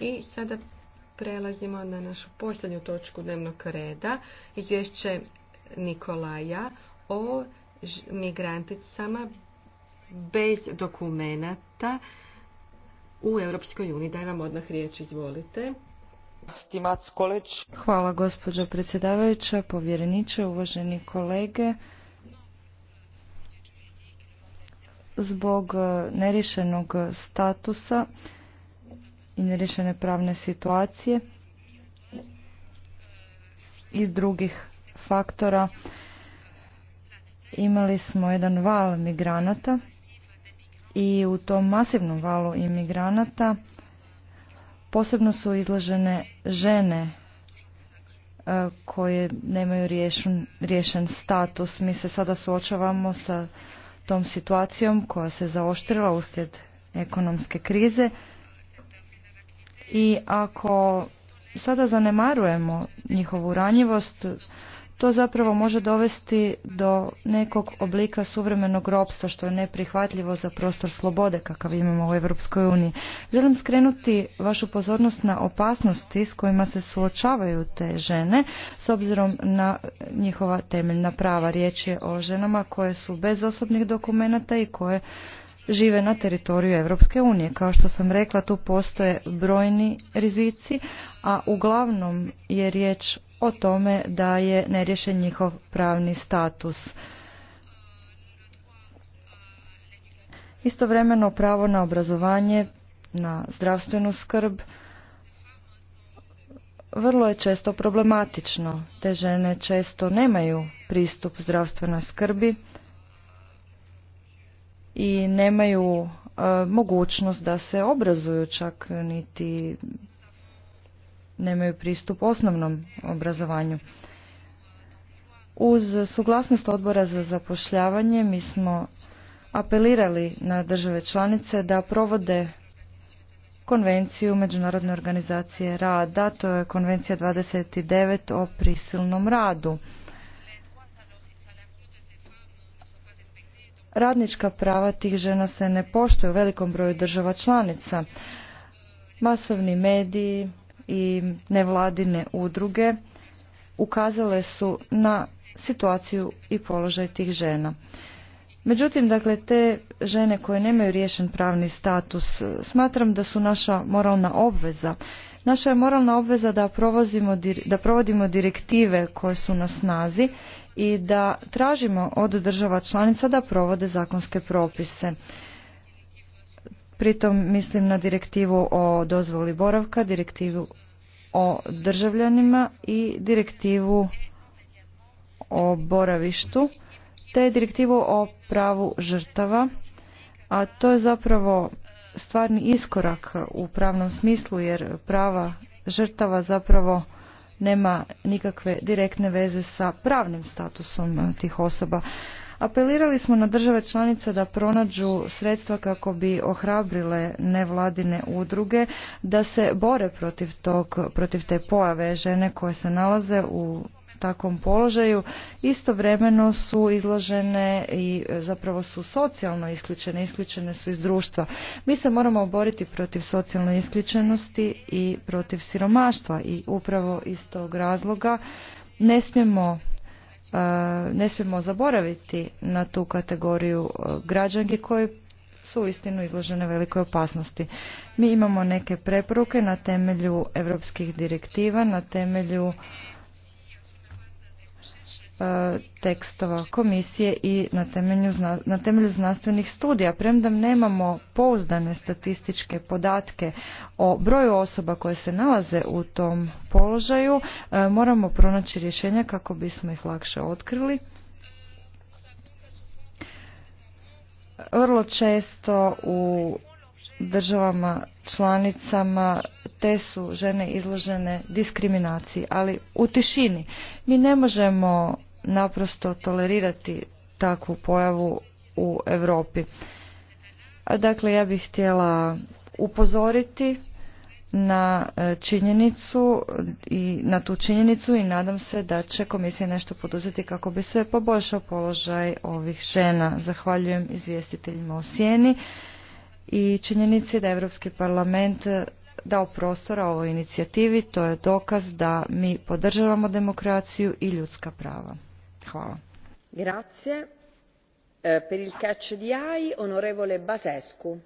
i sada prelazimo na našu posljednju točku dnevnog reda izvješće Nikolaja o migranticama bez dokumenata u Europskoj uniji. Daj vam odmah riječ, izvolite. Hvala gospođo predsjedavajuća, povjereniče, uvaženi kolege. zbog e, nerišenog statusa i nerišene pravne situacije i drugih faktora imali smo jedan val migranata i u tom masivnom valu imigranata posebno su izložene žene e, koje nemaju rješen riješen status. Mi se sada suočavamo sa tom situacijom koja se zaoštrila uslijed ekonomske krize i ako sada zanemarujemo njihovu ranjivost to zapravo može dovesti do nekog oblika suvremenog ropstva što je neprihvatljivo za prostor slobode kakav imamo u Europskoj uniji. Želim skrenuti vašu pozornost na opasnosti s kojima se suočavaju te žene s obzirom na njihova temeljna prava. Riječ je o ženama koje su bez osobnih dokumenata i koje žive na teritoriju Europske unije. Kao što sam rekla, tu postoje brojni rizici, a uglavnom je riječ o tome da je nerješen njihov pravni status. Istovremeno pravo na obrazovanje, na zdravstvenu skrb, vrlo je često problematično. Te žene često nemaju pristup zdravstvenoj skrbi i nemaju e, mogućnost da se obrazuju čak niti nemaju pristup osnovnom obrazovanju. Uz suglasnost odbora za zapošljavanje mi smo apelirali na države članice da provode konvenciju Međunarodne organizacije rada, to je konvencija 29 o prisilnom radu. Radnička prava tih žena se ne poštuju u velikom broju država članica. Masovni mediji, i nevladine udruge ukazale su na situaciju i položaj tih žena. Međutim, dakle, te žene koje nemaju riješen pravni status, smatram da su naša moralna obveza. Naša je moralna obveza da, da provodimo direktive koje su na snazi i da tražimo od država članica da provode zakonske propise. Pritom mislim na direktivu o dozvoli boravka, direktivu o državljanima i direktivu o boravištu, te direktivu o pravu žrtava, a to je zapravo stvarni iskorak u pravnom smislu jer prava žrtava zapravo nema nikakve direktne veze sa pravnim statusom tih osoba. Apelirali smo na države članice da pronađu sredstva kako bi ohrabrile nevladine udruge da se bore protiv, tog, protiv te pojave žene koje se nalaze u takvom položaju istovremeno su izložene i e, zapravo su socijalno isključene, isključene su iz društva. Mi se moramo boriti protiv socijalne isključenosti i protiv siromaštva i upravo iz tog razloga ne smijemo E, ne smijemo zaboraviti na tu kategoriju e, građanke koje su istinu izložene velikoj opasnosti. Mi imamo neke preporuke na temelju europskih direktiva, na temelju E, tekstova komisije i na temelju, znanstvenih studija. Premda nemamo pouzdane statističke podatke o broju osoba koje se nalaze u tom položaju, e, moramo pronaći rješenja kako bismo ih lakše otkrili. Vrlo često u državama članicama te su žene izložene diskriminaciji, ali u tišini. Mi ne možemo naprosto tolerirati takvu pojavu u Europi. Dakle, ja bih htjela upozoriti na e, činjenicu i na tu činjenicu i nadam se da će komisija nešto poduzeti kako bi se poboljšao položaj ovih žena. Zahvaljujem izvjestiteljima o sjeni i činjenici da Europski parlament dao prostora ovoj inicijativi, to je dokaz da mi podržavamo demokraciju i ljudska prava. Hvala. Grazie. Eh, per il catch di AI, onorevole Basescu.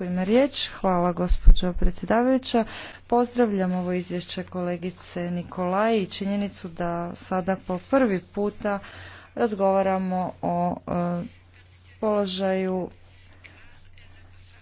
ima riječ. Hvala gospođo predsjedavajuća. Pozdravljam ovo izvješće kolegice Nikolaj i činjenicu da sada po prvi puta razgovaramo o e, položaju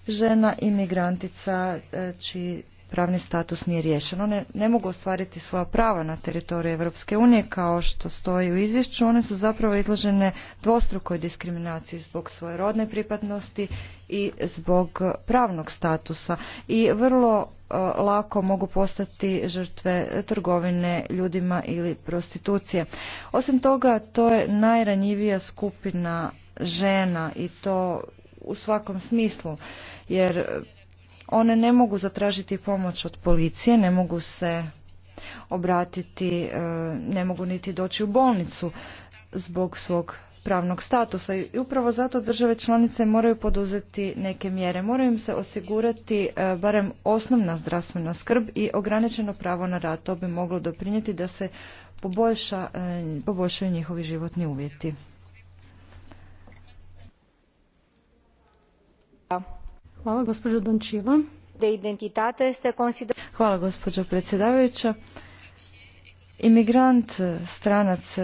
žena migrantica e, čiji pravni status nije riješen. One ne mogu ostvariti svoja prava na teritoriju Europske unije kao što stoji u izvješću. One su zapravo izložene dvostrukoj diskriminaciji zbog svoje rodne pripadnosti i zbog pravnog statusa i vrlo e, lako mogu postati žrtve trgovine ljudima ili prostitucije. Osim toga, to je najranjivija skupina žena i to u svakom smislu, jer one ne mogu zatražiti pomoć od policije, ne mogu se obratiti, e, ne mogu niti doći u bolnicu zbog svog pravnog statusa i upravo zato države članice moraju poduzeti neke mjere. Moraju im se osigurati e, barem osnovna zdravstvena skrb i ograničeno pravo na rad. To bi moglo doprinijeti da se poboljša, e, poboljšaju njihovi životni uvjeti. Hvala, gospođo Dončiva. Hvala, predsjedavajuća. Imigrant, stranac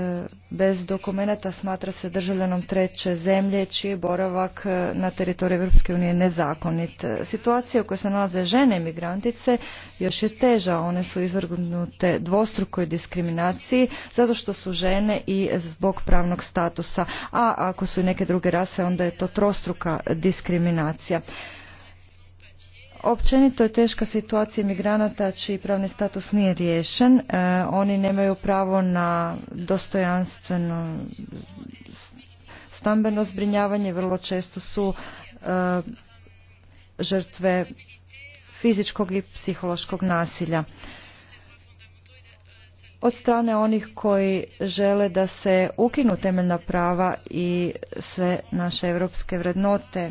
bez dokumenata smatra se državljanom treće zemlje čiji je boravak na teritoriju Europske unije nezakonit. Situacija u kojoj se nalaze žene imigrantice još je teža. One su izvrgnute dvostrukoj diskriminaciji zato što su žene i zbog pravnog statusa, a ako su i neke druge rase onda je to trostruka diskriminacija. Općenito je teška situacija migranata čiji pravni status nije riješen. E, oni nemaju pravo na dostojanstveno stambeno zbrinjavanje. Vrlo često su e, žrtve fizičkog i psihološkog nasilja. Od strane onih koji žele da se ukinu temeljna prava i sve naše europske vrednote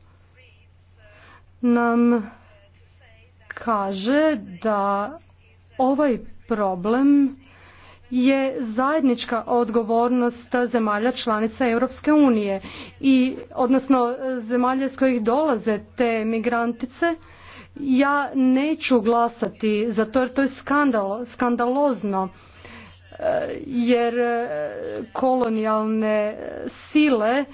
nam kaže da ovaj problem je zajednička odgovornost zemalja članica Europske unije i odnosno zemalja s kojih dolaze te migrantice ja neću glasati za to jer to je skandalozno e, jer kolonijalne sile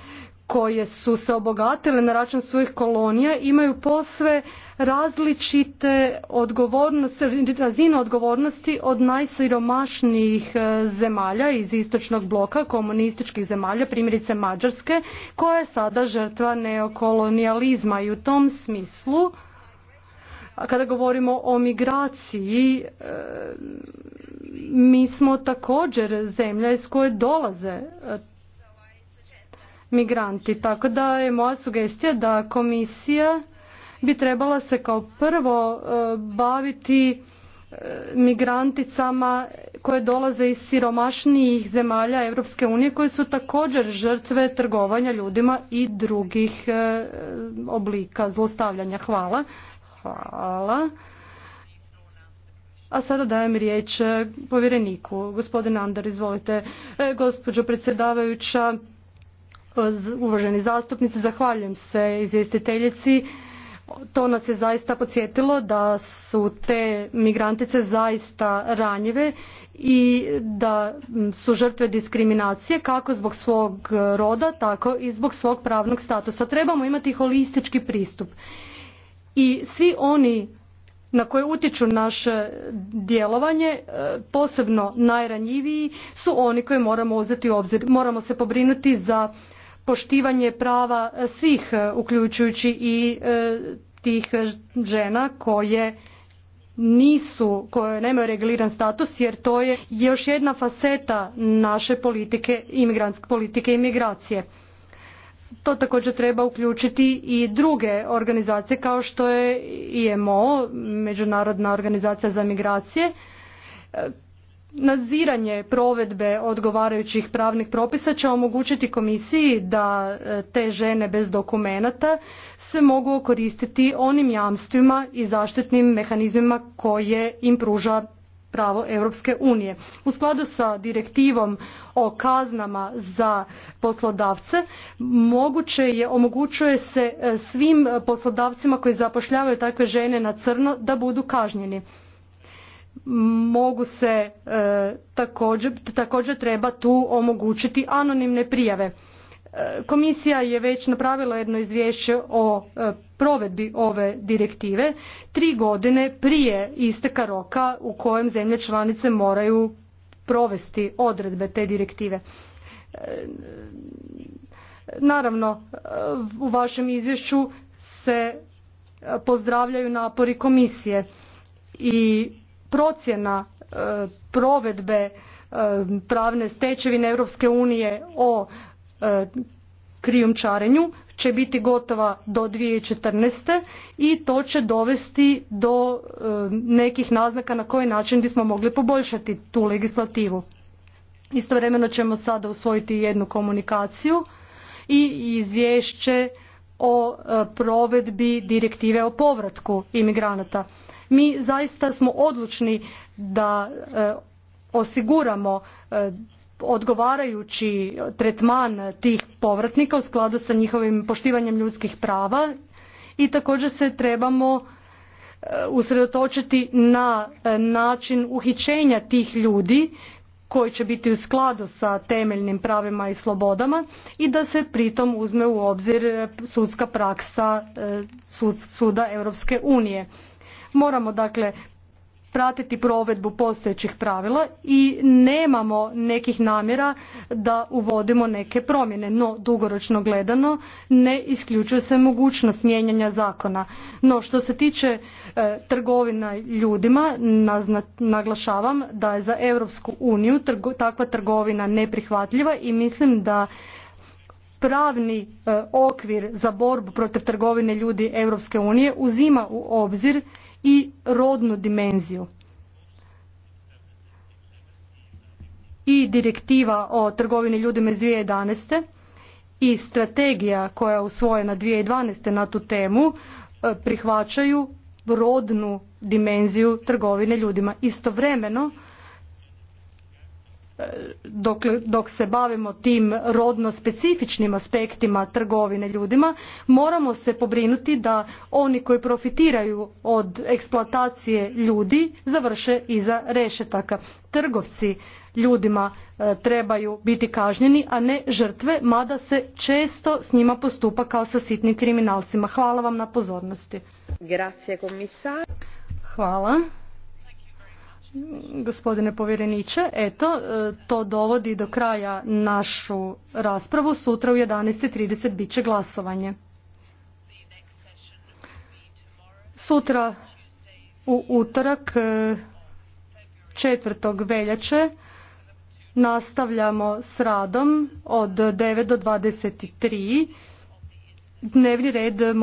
koje su se obogatile na račun svojih kolonija imaju posve različite odgovornosti, razine odgovornosti od najsiromašnijih e, zemalja iz istočnog bloka, komunističkih zemalja, primjerice Mađarske, koja je sada žrtva neokolonijalizma i u tom smislu kada govorimo o migraciji, e, mi smo također zemlja iz koje dolaze e, migranti. Tako da je moja sugestija da komisija bi trebala se kao prvo e, baviti e, migranticama koje dolaze iz siromašnijih zemalja Europske unije koje su također žrtve trgovanja ljudima i drugih e, oblika zlostavljanja. Hvala. Hvala. A sada dajem riječ povjereniku. Gospodin Andar, izvolite. gospođo predsjedavajuća, uvaženi zastupnici. Zahvaljujem se izvjestiteljici. To nas je zaista podsjetilo da su te migrantice zaista ranjive i da su žrtve diskriminacije kako zbog svog roda, tako i zbog svog pravnog statusa. Trebamo imati holistički pristup. I svi oni na koje utječu naše djelovanje, e, posebno najranjiviji, su oni koje moramo uzeti u obzir. Moramo se pobrinuti za poštivanje prava svih e, uključujući i e, tih žena koje nisu, koje nemaju reguliran status jer to je još jedna faceta naše politike, politike imigracije. To također treba uključiti i druge organizacije kao što je IMO, Međunarodna organizacija za migracije, Nadziranje provedbe odgovarajućih pravnih propisa će omogućiti komisiji da e, te žene bez dokumenata se mogu koristiti onim jamstvima i zaštitnim mehanizmima koje im pruža pravo Europske unije. U skladu sa direktivom o kaznama za poslodavce moguće je, omogućuje se e, svim poslodavcima koji zapošljavaju takve žene na crno da budu kažnjeni mogu se e, također, također treba tu omogućiti anonimne prijave. E, komisija je već napravila jedno izvješće o e, provedbi ove direktive tri godine prije isteka roka u kojem zemlje članice moraju provesti odredbe te direktive. Naravno, u vašem izvješću se pozdravljaju napori komisije i procjena e, provedbe e, pravne stečevine Europske unije o e, krijumčarenju će biti gotova do 2014. i to će dovesti do nekih naznaka na koji način bismo mogli poboljšati tu legislativu. Istovremeno ćemo sada usvojiti jednu komunikaciju i izvješće o provedbi direktive o povratku imigranata. Mi zaista smo odlučni da e, osiguramo e, odgovarajući tretman tih povratnika u skladu sa njihovim poštivanjem ljudskih prava i također se trebamo e, usredotočiti na način uhićenja tih ljudi koji će biti u skladu sa temeljnim pravima i slobodama i da se pritom uzme u obzir sudska praksa suda Europske unije. Moramo dakle pratiti provedbu postojećih pravila i nemamo nekih namjera da uvodimo neke promjene, no dugoročno gledano ne isključuje se mogućnost mijenjanja zakona. No što se tiče e, trgovina ljudima, naglašavam da je za Europsku uniju takva trgovina neprihvatljiva i mislim da pravni e, okvir za borbu protiv trgovine ljudi Europske unije uzima u obzir i rodnu dimenziju. I direktiva o trgovini ljudima iz 2011. i strategija koja je usvojena 2012. na tu temu e, prihvaćaju rodnu dimenziju trgovine ljudima. Istovremeno dok, dok se bavimo tim rodno specifičnim aspektima trgovine ljudima moramo se pobrinuti da oni koji profitiraju od eksploatacije ljudi završe iza rešetaka trgovci ljudima e, trebaju biti kažnjeni a ne žrtve mada se često s njima postupa kao sa sitnim kriminalcima hvala vam na pozornosti Grazie, hvala gospodine povjereniče. Eto, e, to dovodi do kraja našu raspravu. Sutra u 11.30 bit će glasovanje. Sutra u utorak 4. E, veljače nastavljamo s radom od 9 do 23. Dnevni red